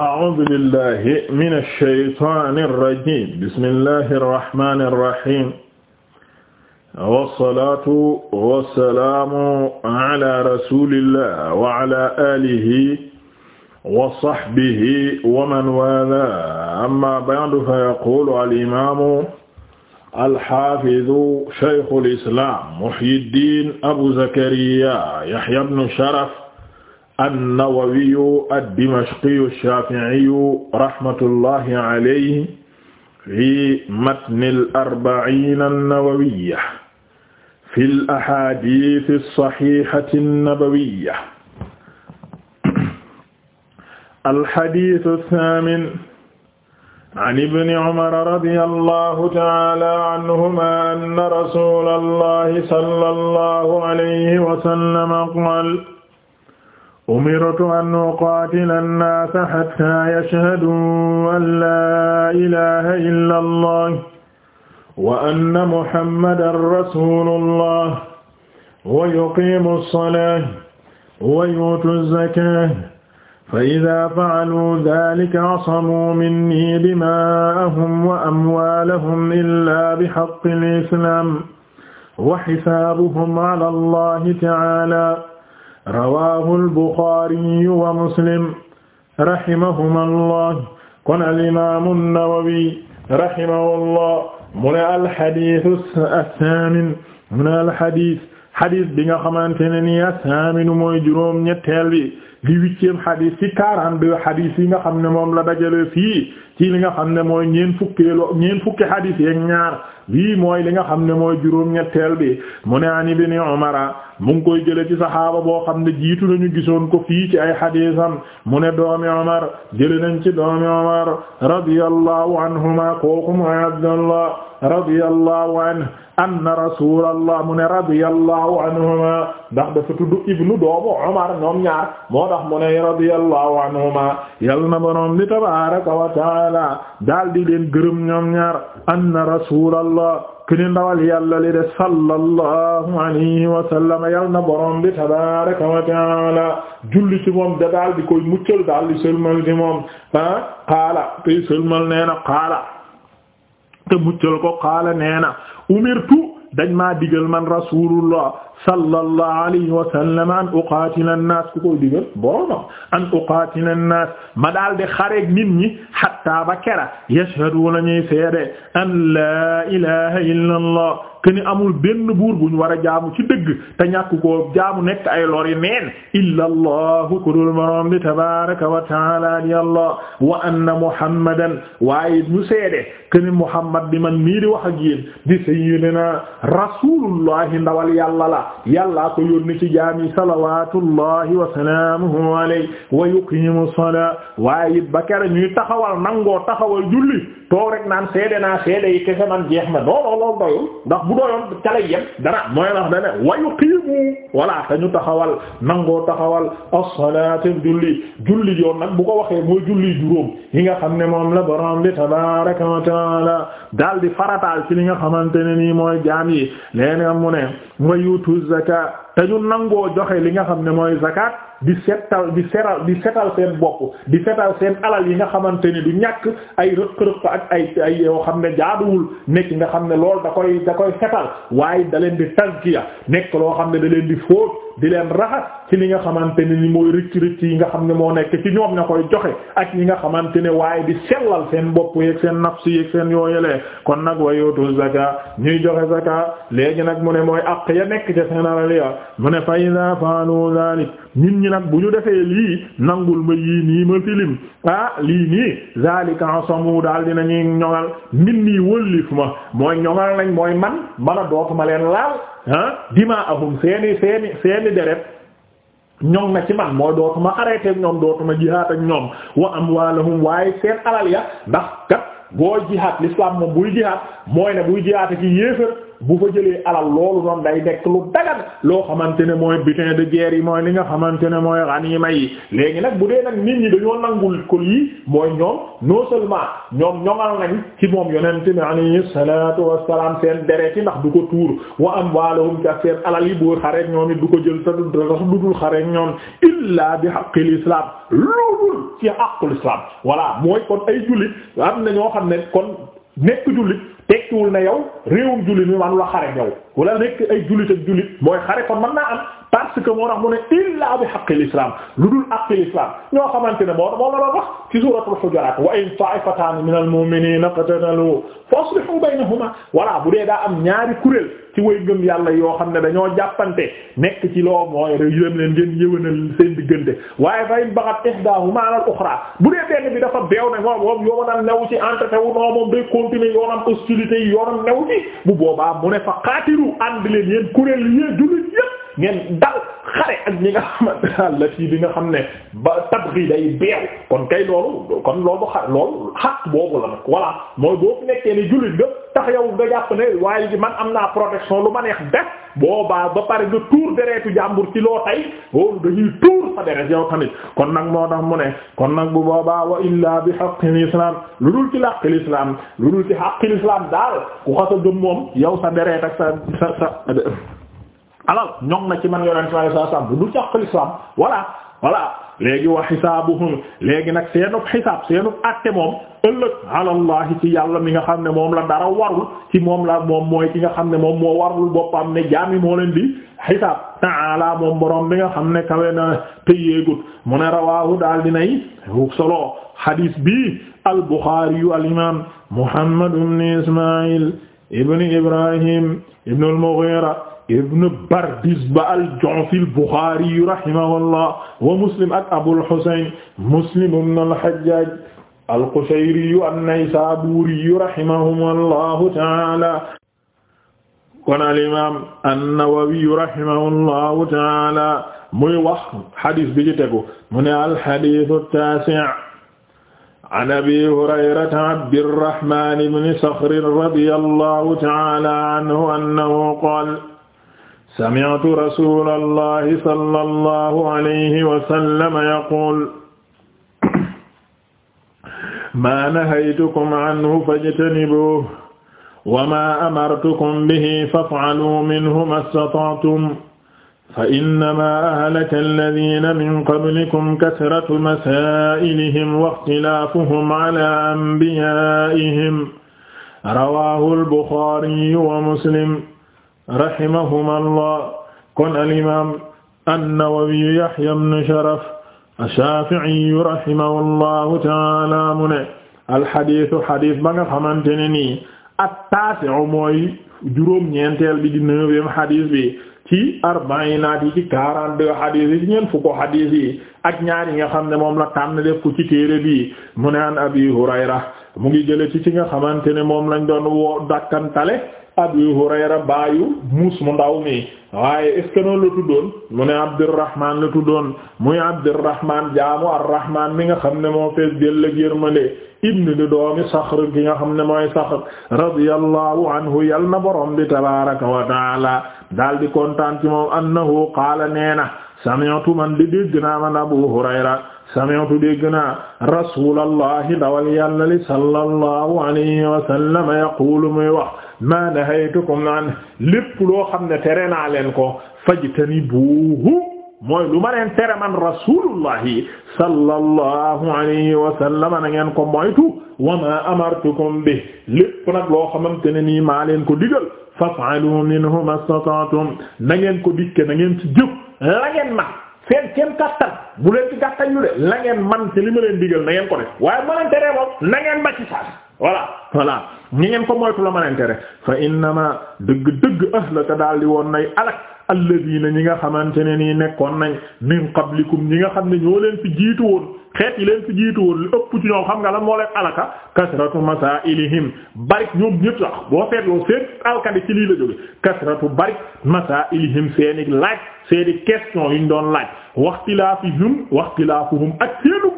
أعوذ بالله من الشيطان الرجيم بسم الله الرحمن الرحيم والصلاة والسلام على رسول الله وعلى آله وصحبه ومن والاه أما بعد فيقول الإمام الحافظ شيخ الإسلام محي الدين أبو زكريا يحيى بن شرف an-Nawawiyu ad-Dimashqiyu ash-Shafi'iyu rahmatullahi alayhi fi matn al-arba'iin an-nawawiyya fi al-ahaadiith as-sahiihati an-nabawiyya al-hadiith ath-thaamin an ibn Umar radiyallahu ta'ala anhumaa anna rasuulallahi sallallahu alayhi wa sallam qaala umirtu an uqaatila annaasa xatta yashhaduu an laa ilaha illa allah wa anna muhammadan rasulullah wa yuqiimu salaata wa yu'tu zakaata fa idaa fa'aluu daalika asamuu minnii dimaa'ahum wa amwaalahum illaa bihaqqil islaam wa xisaabuhum ala allahi ta'aalaa rawaahu al-Buxaariyu wa Muslim rahimahumallah kon al-imaamu an-Nawawi rahimahullah mu ne al-hadiisu as-saamin mu ne al-hadiis xadis bi nga xamante ne nii as-saaminu mooy juróom ñetteel bi di huitième xadis ci quarante-deux xadis yi nga xam ne moom la dajale fii ci li nga xam ne mooy ñeen fukkeelu ñeen fukki hadis yeek ñaar bii mooy li nga xam ne mooy juróom-ñetteel bi mu ne an ibn Umar mu ngi koy jële ci saxaaba boo xam ne jiitu nañu gisoon ko fii ci ay xadiisam mu ne doomi Umar jële nañ ci doomi Umar radiyallahu anhuma kooku mooy Abdullah radiyallahu anhu anna rasulallah mu ne radiyallahu anhuma ndax dafa tudd ibnu doomu Umar ñoom ñaar moo tax mu ne radiyallahu anhuma yal na borom bi tabaaraka wa ta'ala taala daal di leen gërëm ñoom ñaar anna rasulallah kene ndawal yàlla li de sallallahu alayhi wa yal na borom bi tabaraka wa taala julli muccal daal di sëlmal ci qaala tey sëlmal nee na qaala te muccal ko qaala nee umirtu dañ maa digal man rasulullah sallallahu alayhi wa sallam an uqaatila an-naas ku koy digal boroomam an uqaatila an-naas ma daal di xareeg nit ñi hatta ba kera yashhaduuna ñuy seede an laa ilaha illa allah keni amul benn buur bu ñu war a jaamu ci dëgg te ñàkk ko jaamu nekk ay lori neen illa allah ku dul boroom bi tabaaraka wa ta'aala di allah wa anna muhammadan waaye ñu seede keni muhammad bi man mii di wax ak yéen di sayyidina rasuulullahi ndawal yàlla la yàllaa ko yónni ci jaami salawatullahi wa salaamuhu alayhi wa yuqimu salaa waaye it ba kere ñuy taxawal nangoo taxawal julli toog rek naan seede naa seede yi kese man jeex na non non loolu doyul ndax bu doyoon ca lay yem dara mooy wax dana wayu qiimu walla te taxawal nangoo taxawal as julli julli yoon nag bu ko waxee mooy julli juróom yi nga xam ne moom la borom bi tabaaraka wa taala daal di farataal ci li nga xamante ne nii mooy jaam yi leen nga mu ne wayu tu zakat te ñu nangoo joxe li nga xam ne mooy zakat di setal di seral di setal seen bopp di setal seen alal yi nga xamante ni du ñàkk ay rëq-rëq ak ay ay yoo xam ne jaaduwul nekk nga xam ne loolu da koy da koy setal waaye da leen di tazkiya nekk loo xam ne da leen di fóot di leen raxas ci li nga xamante ne ni mooy rëcc rëcc yi nga xam ne moo nekk ci ñoom ña koy joxe ak ñi nga xamante ne waaye di sellal seen bopp yeeg seen nafs yeeg seen yooyelee kon nag wa yootu zaka ñuy joxe zaka léegi nag mu ne mooy àq ya nekk ca seen alal ya mu ne fa iza faalu zalik nit ñi nag bu ñu defee lii nangul ma yii nii ma filim ah lii nii zalika asamu daal dina ñuy ñoŋal min nii wëllif ma mooy ñoŋal nañ mooy man mana dootuma leen laal ah dimaahum seeni seeni seeni deret ñoŋ na ci man mooy dootuma arrêté ñoom dootuma jihaat ak ñoom wa amwaalahum waaye seen alal ya ndax kat boo jihaat l'islam moom buy jihaat mooy ne buy jihaat ak yéefër bu fa jëlee alal loolu noonu day nekk lu dagan loo xamante ne mooy butin de guerre yi mooy li nga xamante ne mooy ganima yi léegi nag bu dee nag nit ñi dañoo nangul ko yi mooy ñoom non seulement ñoom ñoŋal nañ ci moom yonent bi alayhi salaatu wassalaam seen yi ndax du ko tuur wa amwaaluhum ak seen alal yi boo xareek ñoom it du ko jël ta du dul xareek ñoom illaa bi haqqil islam loolu ci haqqul islam voilà mooy kon ay jullit am na ñoo xam ne kon nekk jullit tekkiwul na yow réewum jullit mi man la xare ñëw wala nekk ay jullit ak jullit mooy xare kon mën naa am parce que moo tax mu ne illa bi haqqil islam lu dul haqqil islam ñoo xamante ne moo moo la doon wax ci suuratul hujurat wa in ta'ifatan min al-mu'minina qatatalu faslihu baynahuma voilà bu dee daa am ñaari kuréel ci way gëm yàlla yoo xam ne dañoo jàppante nekk ci loo mooy rek yéen leen ngeen yéwénal seen diggante waaye fa in baghat ihdahuma ala al-ukhra bu dee benn bi dafa beew ne moom moom yoonam new ci new ci bu boobaa mu ne fa qaatilu ànd ngeen dal xare ak ñi nga la fii bi nga xam ne ba tabri day beew kon kay loolu kon loolu xar loolu boobu la nag voilà mooy boo nekkee ne jullit nga tax yow nga jàpp ne waaye man am naa protection lu ma neex def boobaa ba pare nga tuur deretu jàmbur ci loo tay loolu dañuy tuur sa deret yow tamit kon nag moo tax mu ne kon nag bu boobaa wa illaa bi haqqil islam lu dul ci làqil islam lu dul ci haqqil islam daal ku xasa gëm moom yow sa deret ak sa sa sa alal ñoŋ na ci man yonent sa alayhi wasallam bu du càq l'islam voilà voilà léegi wa xisaabuhum léegi nag seenub xisaab seenub àtte moom alallahi ci yàlla mi nga xam ne moom la dara warul ci moom la moom mooy ki nga xam ne moom moo warul boppam ne jaami moo leen di xisaab ta'ala moom borom bi nga xam ne kawe na te yéegut mu ne rawaahu daal dinay solo xadiis bi al Buxaari al imaam Muhammad ibn Ismaayil ibn Ibrahim ibn al Mughira ibn Bardizba al-Ju'fi al-Bukhari rahimahullah wa Muslim ak Abul Husayn Muslim ibn al-Hajjaj al-Qushayri an-Naysaburi rahimahumullahu ta'ala kon al-imam an-Nawawi rahimahullahu ta'ala muy wax xadis bi ci tegu mu ne al-hadith at-tasi' an abi hurayrata Abdirrahman ibn Sakhr radiyallahu ta'ala anhu annahu qala sami'tu rasulallahi sallallahu alayhi wa sallam yaqul ma nahaytukum anhu fajtanibuhu wa ma amartukum bihi faf'alu minhu mastata'tum fa innama ahlaka alladhina min qablikum kathratu masaa'ilihim wa ikhtilaafuhum ala anbiyaa'ihim rawahu al-Bukhari wa Muslim rahimahumullah kon al-imaam an ibn Sharaf ash-Shaafi'i rahimahullahu ta'aala mu ne al-hadiisu ba nga xamante ne nii at-taasi'u mooy juróom-ñeenteel bi di neuvième hadiis bi ci arba'iinaat yi ci quarante fukk hadiis yi ak ñaar yi nga xam ne moom la tànn def ko ci téere bi mu an Abi Hurayra mu ngi jële ci ci nga xamante ne moom lañ doon woo dakkantale Abu Hurayra baayu muus mu ndaw mi waaye est-ce que noonu la tuddoon mu ne Abdurrahman la tuddoon muy Abdurrahman jaamu Arrahman mi nga xam ne moo fees dell ak yërmande ibn di doomi Saxr ki nga xam ne mooy Saxr radiyallahu anhu yal na borom bi tabaaraka wa taala daal di kontaan ci moom annahu qaala neena sami'tu man di dégg naa man Abu Hurayra sami'tu dégg naa rasulallahi dawal yàlla li sallallahu alayhi wa sallam yaqulu muy wax ma nahaytukum an lépp loo xam ne tere naa leen ko fajtanibuhu mooy lu ma leen tere man rasulullahi sallallahu alayhi wa sallam na ngeen ko moytu wa ma amartukum bi lépp nag loo xamante ne nii maa leen ko digal faf'alu minhu mastata'tum na ngeen ko dikke na ngeen ci jëf la ngeen man seen seen kattan bu leen ci gàttañ lu de la ngeen man ci li ma leen digal na ngeen ko def waaye ma leen tere moom na ngeen ba ci saas voilà voilà ñi ngeen ko moytu la mënante rek fa innama dëgg-dëgg ahlaka daal di woon nay alak alladina ñi nga xamante ne nii nekkoon nañ min qablikum ñi nga xam ne ñoo leen fi jiitu woon xeet yi leen fi jiitu woon ëpp ci ñoom xam nga la moo leen alaka kasratu masailihim barik ñoom ñëpp sax boo feetloo seen alkandi ci lii la jóge kasratu barik masailihim seeni laaj seeni question yuñ doon laaj waxtilaafihum waxtilaafuhum ak seenu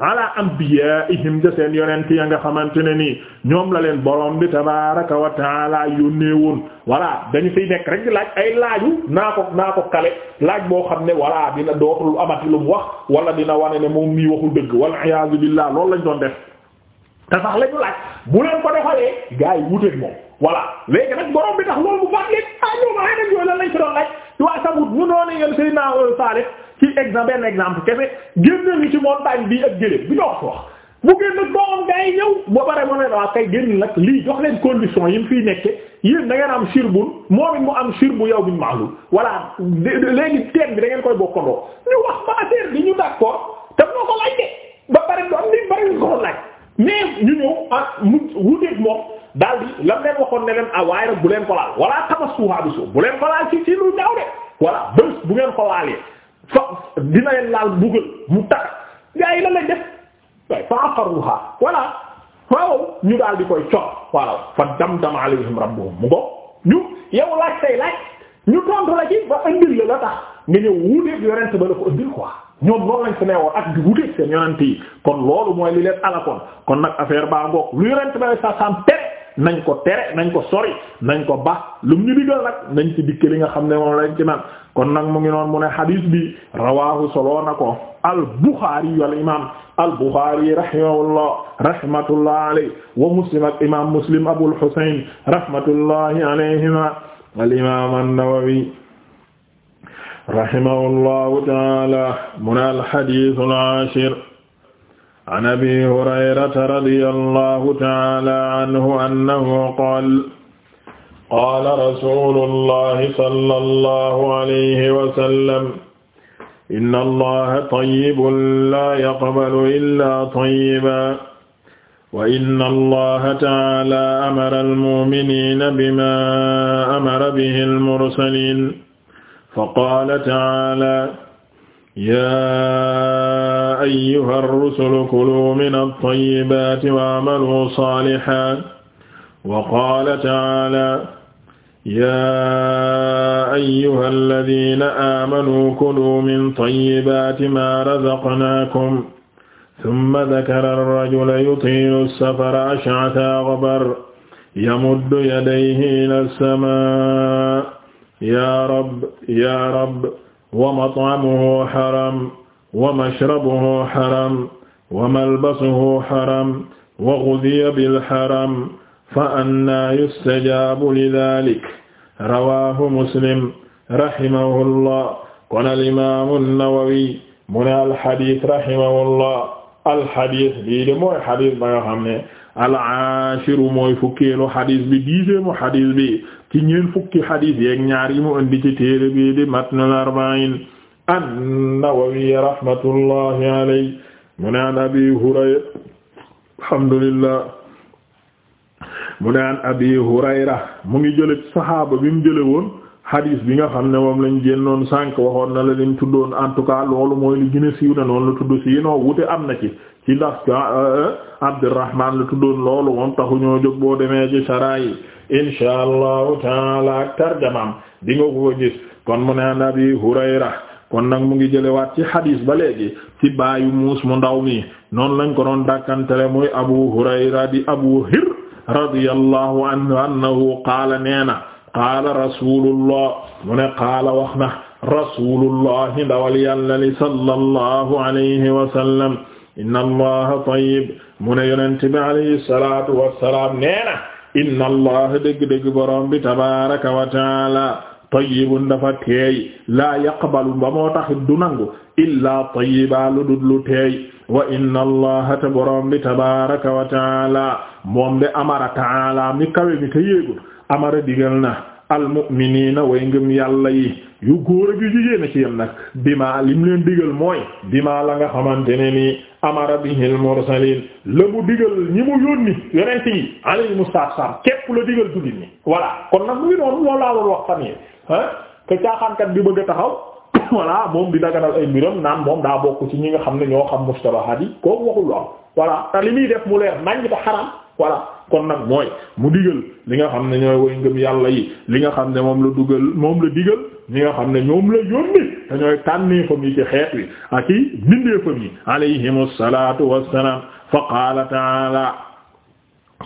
ala anbiyaa'ihim ja seen yonent ya nga xamante ne nii ñoom la leen borom bi tabaaraka wa taala yónnee woon voilà dañu fiy nekk rek laaj ay laaju naa ko naa ko kale laaj boo xam ne voilà dina dootul amati lu mu wax wala dina wane ne moom mii waxul dëgg wal iyaazu billaah loolu lañ doon def te sax lañu laaj bu leen ko defalee gars yi wuteeg moom voilà léegi nag borom bi tax loolu bu baax léegi ah ñoom ay nañ yooyu lan lañ ci doon laaj waa ci exemple benn exemple kese génne ñu ci montagne bii ak gëléem bi dox wax bu génn nag doomam gaa yi ñëw ba pare mu ne la kay nag lii jox leen condition yi mu fiy yéen da ngeen am sirbul moom mu am sirbu yow biñ ñu wax ba affaire bi ñu d'accord te moo ko laaj de ba pare du am ni ñu ko laaj mais moom daal di lam leen waxoon ne leen ah waaye rek bu leen ko laal wala tamas suuxaabi suuf bu leen ko laal ci ci lu ñaaw de voilà bés bu ngeen ko laalee dina leen laal buggal mu tax gaa yi la lañ def waaye fa aqarruha voilà waaw ñu daal di koy cor fa damdam alayhim rabbuhum mu ngo yow laaj say laaj ñu tontu la ci ba indil la la tax nga ñëw wuuteeg yonent ba la ko indil quoi ñoom noonu lañ fi newoon ak di wuuteeg seen yonent yi kon loolu mooy li leen alakoon kon nag affaire baa ngoog lu yonent ba sa sam nañ ko tere nañ ko sori nañ ko ba lu mu ñu digal nag nañ ci dikk li nga xam ne moom lañ ci kon nag mu ngi noon mu ne hadith bi rawahu solo na ko al Bukhari wal imam al Bukhari rahimahullah rahmatullah alayhi wa Muslim ak imam Muslim Abul Husayn rahmatullahi alayhima al imam an-Nawawi rahimahullahu ta'ala mu ne al hadith al ashir an Abi Hurayrata radiyallahu ta'ala anhu annahu qala qaala rasuulullahi sallallahu alayhi wa sallam inna allaha tayyibun laa yaqbalu illaa tayyiban wa inna allaha ta'aalaa amara al-mu'miniina bimaa amara bihi al-mursaliin faqaala ta'aalaa yaa ayyuha ar-rusulu kuluu mina at-tayyibaati wa a'maluu saalihan wa qaala ta'aala yaa ayyuha alladina aamanuu kuluu min tayyibaati maa razaqnaakum summa dakara arrajula yutiilu safara ash'atha ghabar yamuddu yadayhi ila as-samaa yaa rabb yaa rabb wa mat'amuhu haram wa mashrabuhu haram wa malbasuhu haram wa ghudiya bil haram fa annaa yustajaabu li daalik rawaahu muslim rahimahullah kon alimaamu nawawi mu ne alxadis rahimahullah alxadis bii de mooy xadis ba nga xam ne alaashiru mooy fukkeelu xadis bi dixième xadis bi ci ñeen fukki xadis yeeg ñaar yi mu indi ci téere bii di matnul arba'iin an-nawawi rahmatullahi alayhi mu ne an abi hurayra alhamdulillah mu ne an abi hurayra mu ngi jële saxaaba bi mu jële woon hadis bi nga xam ne moom lañ génnoon sànq waxoon na la lim tuddoon en tout cas loolu mooy li gën a siiw na noonu la tudd si noo wute am na ci ci ndax euh, Abdurrahman la tuddoon loolu moom taxu ñoo jóg boo demee ci sara yi insha allahu taala ak tarjamaam di nga ko gis kon mu ne an abi hurayra kon nag mu ngi jëlewaat ci hadis ba léegi ci baayu muus mu ndaw mi noonu lañ ko doon dàkkantele muy abu hurayra di radiyallahu anhu annahu qaala neena qaala rasulullah mu ne qaala wax na rasulullah ndawal yàlla li sallallahu alayhi wa sallam inna allaha tayyib mu ne yonente bi alayhi salatu wassalaam neena inna allaha dëgg-dëgg borom bi tabaraka wa taala tayyibun dafa teey laa yaqbalu ba moo tax du nangu illaa tayyiba lu dul lu teey wa inna allaha te borom bi tabaraka moom de amara taala mi kawe mi te yéegul amara digal na almu'minina way ngëm yàlla yi yu góor ak yu jigéen a ci yem nag bima lim leen digal mooy bima la nga xamante ne nii amara bihil mursalin la mu digal ñi mu yónni yonent yi alayhimu salaam képp la digal jullit ñi voilà kon nag mu ngi loolu laa doon wax fan yi ah te caaxaankat bi bëgg a taxaw voilà moom di daganal ay mbiram naan moom daa bokk ci ñi nga xam ne ñoo xam mustabahaat yi kooku waxul lu am voilà te li muy def mu leer nañ ta xaraam voilà kon nag mooy mu digal li nga xam ne ñooy woy ngëm yàlla yi li nga xam ne moom la dugal moom la digal ñi nga xam ne ñoom la yónni te ñooy tànneefam yi ci xeet wi ak i bindeefam yi alayhimu salaatu wassalaam fa qaala ta'ala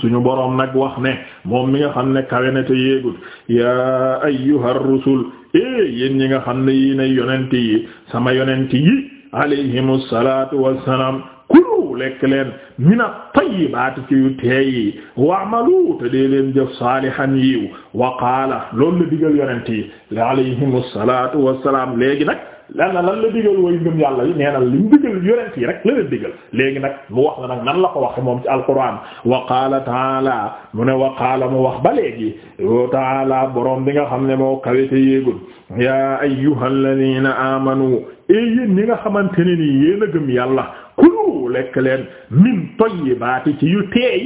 suñu boroom nag wax ne moom mi nga xam ne kawe na te yéegut yaa ayyuhar rusul eh yéen ñi nga xam ne yi ay yonent yi sama yonent yi alayhimu salaatu wassalaam kulu lekk leen mina tayyibaati ci yu teey yi wa'malu te dee leen jëf saalihan yiw wa qaala loolu la digal yonent yi alayhimu salaatu wassalaam léegi nag lan la lan la digal way ngëm yàlla yi nee na li mu digal yonent yi rek la digal léegi nag mu wax la nag nan la ko wax moom ci alquran wa qaala taala mu ne wa qaala mu wax ba léegi yoo taala boroom bi nga xam ne moo kawete yéegul yaa ayyuhal ladina amanu e yéen ñi nga xamante ne nii yéen a gëm yàlla kulu lekk leen min tayyibaati ci yu teey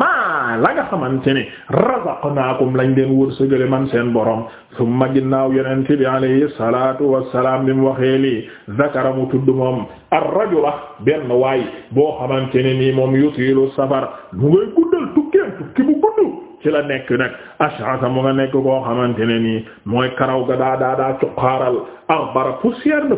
maa la nga xamante ne razaqnaakum lañ leen wërsëgale man seen borom summa ginnaaw yeneen bi alayhi salaatu wassalaam bi mu waxee lii zakara mu tudd moom ar-rajula benn waay boo xamante ne nii moom yutiilu safar mu ngay guddal tukkeen tukki bu gudd ci la nekk nag ash'asa mu nga nekk koo xamante ne nii mooy karaw ga daa daa daa cuqaaral axbara poussière na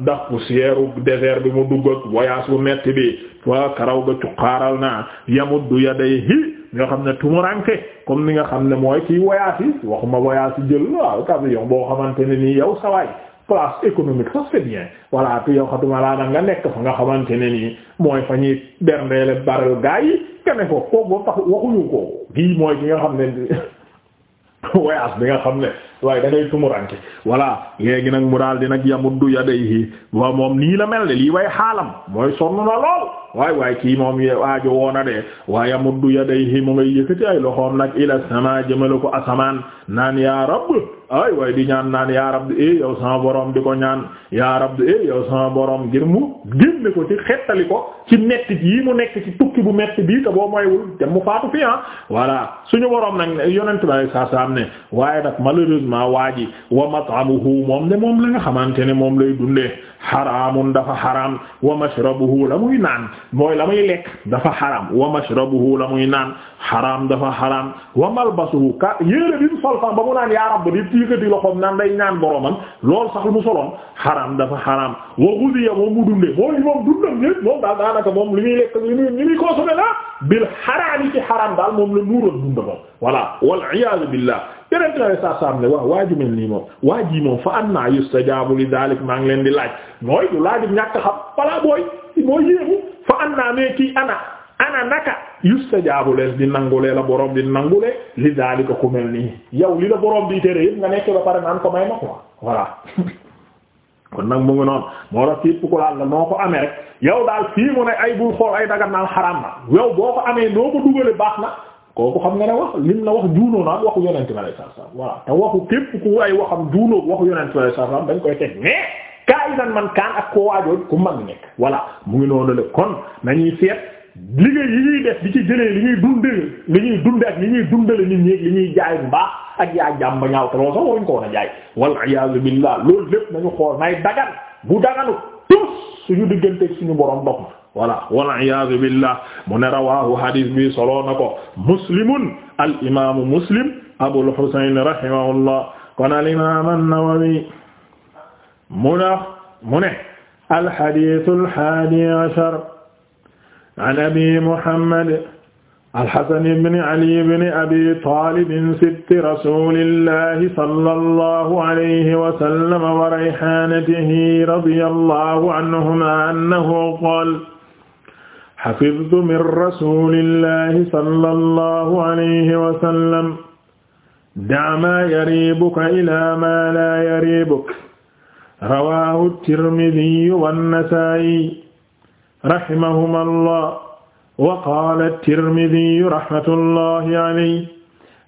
ndax poussière u bi mu dugg ak voyage bu metti bi waa karaw ga cuqaaral naa yamuddu yadayhi nga xam ne tumuranke comme ni nga xam ne mooy kiy voyage yi waxuma voyage yi jël waaw avion boo xamante ne nii yow sawaay place économique ça c'est bien voilà tu yow laa nag nga nekk fa nga xamante ne nii mooy fa ñuy berndeele baral gaa yi nga ko kooku ba tax waxuñu ko kii mooy ki nga xam ne voyage bi nga xam ne waaye da ngay tumuranke voilà léegi nag mu daal di nag yamuddu yadayhi wa moom nii la mel de lii way xaalam mooy sonn na lool waay waay kii moom ye waajo woona de wa yamuddu yadayhi mu ngay yëkkati ay loxoom nag ila sama jëmale ko asamaan naan ya rabb ay waay di ñaan naan ya rabb e yow sama borom di ko ñaan ya rabb e yow sama borom ngir mu génne ko ci xettali ko ci metti yi mu nekk ci tukki bu metti bi te boo moywul te mu faatu fi ah voilà suñu borom nag yonent ba sa ma waaji wa mat'amuhu moom ne moom la nga xamante ne moom lay dundee xaraamun dafa xaraam wa mashrabuhu la muy naan mooy la muy lekk dafa xaraam wa mashrabuhu la muy naan xaraam dafa xaraam wa malbasuhu ka yéere mu ba mu naan yaa rabb di yëkkati loxoom naan day ñaan boromam lool sax mu soloon xaraam dafa xaraam wa ghudiya moom mu dundee mooy moom dundam ñépp moom daal daanaka moom li muy lekk li muy li muy consommer la bil xaraam yi ci xaraam daal moom la nuuroon dundam voilà wal iyaadu billah yeneen tawee saa saa am ne waaw waa ju mel nii moom waa moom fa anna yustajabu li dalik maa ngi leen di laaj mooy du laaj ñàkk xam balaa booy mooy yéemu fa anna nee kii ana ana naka yustajabu leen di nangulee la borom di nangulee li daalika ku mel nii yow li la borom di tere yëpp nga nekk ba pare naan ko may ma quoi voilà. kon nag mu ngi noonu moo tax fii pukulaal la noo ko amee rek yow daal fii mu ne ay bul xool ay daga naan xaraam boo ko amee noo baax na. kooku xam nga ne wax lim la wax juunoo naan waxu yonent bi alayhi salaam voilà te waxu képp ku ay waxam juunoo waxu yonent bi sa salaam dañ koy teg mais kaayinan man kaan ak ko waajooj ku mag nekk voilà mu ngi noonu la kon nañuy seet liggéey yi ñuy def di ci jëlee li ñuy dundee li ñuy dunde ak li ñuy dundale nit ñi li ñuy jaay mbaax ak yaa jàmb ñaaw te loolu sax waruñ ko woon a jaay wal iyaazu billaah loolu lépp nañu xool nay dagan bu daganu tus suñu diggante suñu borom dox voilà wal iyaadu billah mu ne rawaahu hadis bi solo na ko muslimun al imaamu muslim abul husayn rahimahullah kon al imaam an-nawawi mu ne mu ne al hadith al haadi ashar an abi muhammad al hasan ibn ali ibn abi talib sibti rasulillahi sallallahu alayhi wa sallam wa rayhanatihi radiyallahu anhuma annahu qaala xafidtu min rasulillahi sallallahu alayhi wa sallam daa maa yariibuka ilaa maa laa yariibuk rawaahu tirmidiyu wannasaayi rahimahuma allah wa qaala tirmidiyu rahmatullahi alayhi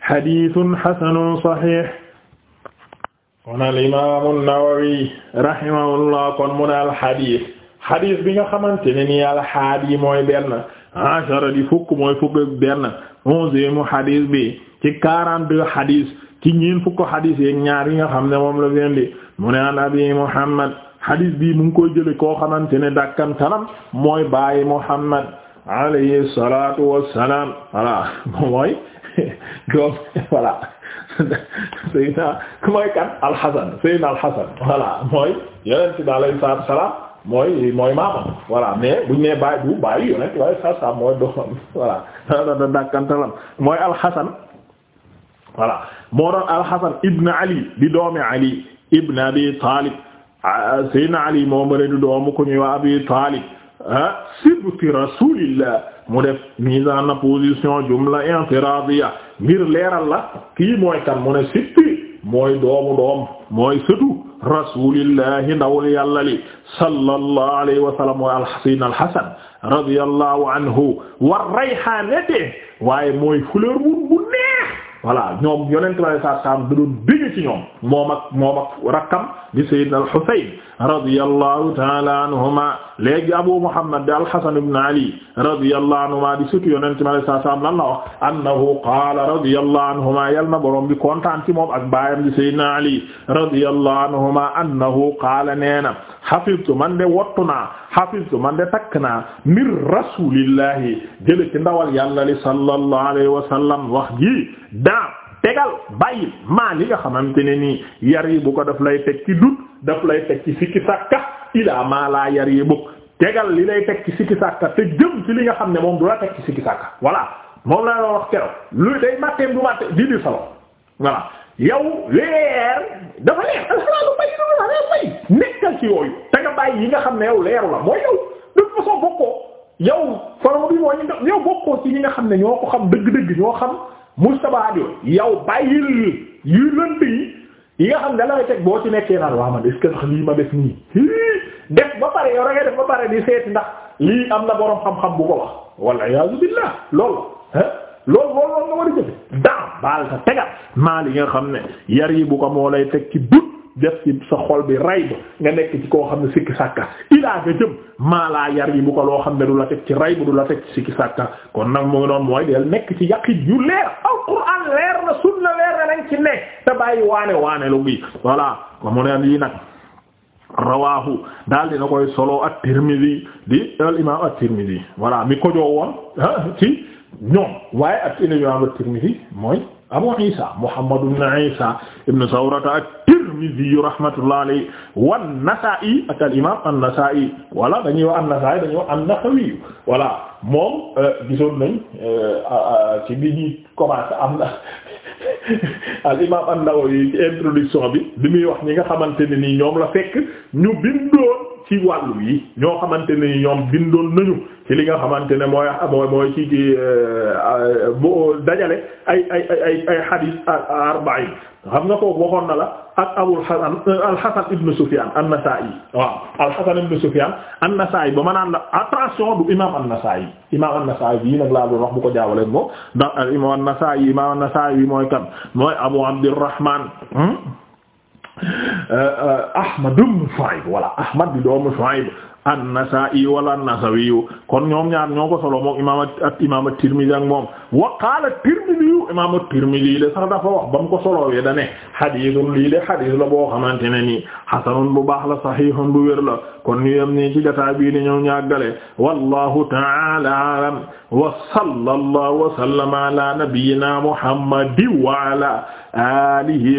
xadiisun xasanun saxiix kon al imaamu nawawi rahimahullah kon mu ne al xadiis xadiis bi nga xamante ne nii alxaad yi mooy benn ashara di fukk mooy fukk ak benn onzième mu xadiis bi ci quarante-deux xadiis ki ñeen fukk xadiis yeeg ñaar yi nga xam ne moom la leen di mu ne an abi muhammad xadiis bi mu ngi koy jële koo xamante ne dàkkan tanam mooy bàyyi muhammad alayhi salaatu wassalaam voilà mooy doom voilà Seydina mooy kan alxasan Seydina alxasan voilà mooy yonent bi alayhi salaatu wassalaam mooy mooy maamam voilà mais buñ nee baay du baay yonent waaye sa mooy doomam voilà da dakkantalam mooy alxasan voilà moo alxasan ibn ali di doomi ali ibn abi talib ah, saydna ali moo mu def mise en jumla infiradiya ngir leeral la kii mooy kan mu ne sibti mooy doomu doom mooy sëtu rasulillahi ndawul yàlla li sallallahu alayhi wa sallam wa alxasin alxasan radiyallahu anhu war rayhaanate waaye mooy fleur wun bu neex voilà ñoom yonent bi sallallahu alayhi wa sallam da doon bëgg ci ñoom moom ak moom ak rakkam di sayyidna al-Husayn radiyallahu taala anhuma léegi abu muhammad da alhasan ibn ali radiyallahu anhuma di sutu yonente mi alayhi salaam lan la wax annahu qaala radiyallahu anhuma yal na borom bi kontaan ci moom ak baayam di sayyidina ali radiyallahu anhuma annahu qaala neena hafiztu man de wottu naa hafiztu man de takk naa min rasulillahi jële ci ndawal yàlla li sallallahu alayhi wa sallam wax ji da tegal bàyyil maa li nga xamante ne nii yar yi bu ko daf lay teg ci dut daf lay teg ci sikki sàkka ilaa maa laa yar yi bug tegal li lay teg ci sikki sàkka te jëm ci li nga xam ne moom du la teg ci sikki sàkka voilà moom laa la wax keroog lu day màtteem du màtte di di salo voilà yow leer dafa leer alxalaalu bay bay yi nga xam ne yow leeru la mooy yow de toute façon bokkoo yow forme bi mooy yow bokkoo ci ñi nga xam ne ñoo ko xam dëgg-dëgg ñoo xam mustabaat yooyu yow bàyyil yu lënd yi yi nga xam ne la teg boo ci nekkee naan waa man est-ce que lii ma def nii def ba pare yow da def ba pare di seeti ndax lii am na boroom xam-xam bu ko wax walla iyaazu billaah loolu la loolu loolu loolu nga war a jëfe daan baal sa tegal maa li nga xam ne yar yi bu ko moo lay teg ci but def ci xol bi rayb nga nekk ci koo xam ne sikki sàkka ilaa nga jëm maalaa yar yi ko loo xam ne du la teg ci rayb du la teg ci sikki sàkka kon nag mu ngi noonu mooy del nekk ci yaqin yu leer alquran leer na sunna leer na lañ ci nekk waane waane lu gi voilà mu neen yi nag rawahu daal dina koy solo at-Tirmidhi di al imam at-Tirmidhi voilà mi ko joo woon ci ñoom waaye Abu Isa Muhammad ibn Isa ibn Sawrata at-Tirmidhi rahmatullah alayhi wan Nasa'i ak al dañuy wax an-Nasa'i dañuy wax an-Nasawi voilà moom euh, gisoon nañ euh, ci bi ñuy commencé am na al imam an-Nawawi ci introduction bi bi muy wax ñi nga xamante ne nii ñoom la fekk ñu bindoon ci wàllu yi ñoo xamante ne ñoom bindoon nañu ci li nga xamante ne mooy mooy mooy ci ci euh, dajale ay ay ay ay hadith arba'in xam nga foofu waxoon na la ak Abul Hasan euh, al-Hasan ibn Sufyan an-Nasa'i waaw al-Hasan ibn Sufyan an-Nasa'i ba ma naan la attention du imam an-Nasa'i imam an-Nasa'i bi nag laa doon wax bu ko jaawalee moom ndax euh, imam an-Nasa'i imam an-Nasa'i mooy kan mooy Abu Abdurrahman hmm? Euh, euh, Ahmad ibn Shu'ayb voilà Ahmad di doomu Shu'ayb wala an-Nasawi kon ñoom ñaar ñoo ko solo moom imaam ak imaam at-Tirmidhi ak moom wa qaala at-Tirmidhi wax ba ko solowee da ne xadiisul lii boo xamante ne nii bu baax la saxiixun bu wér la kon ñu yem nii ci gataa bii di ñëw ta'ala a'lam wa sallallahu wa sallama ala nabiyyina Muhammadin wa ala alihi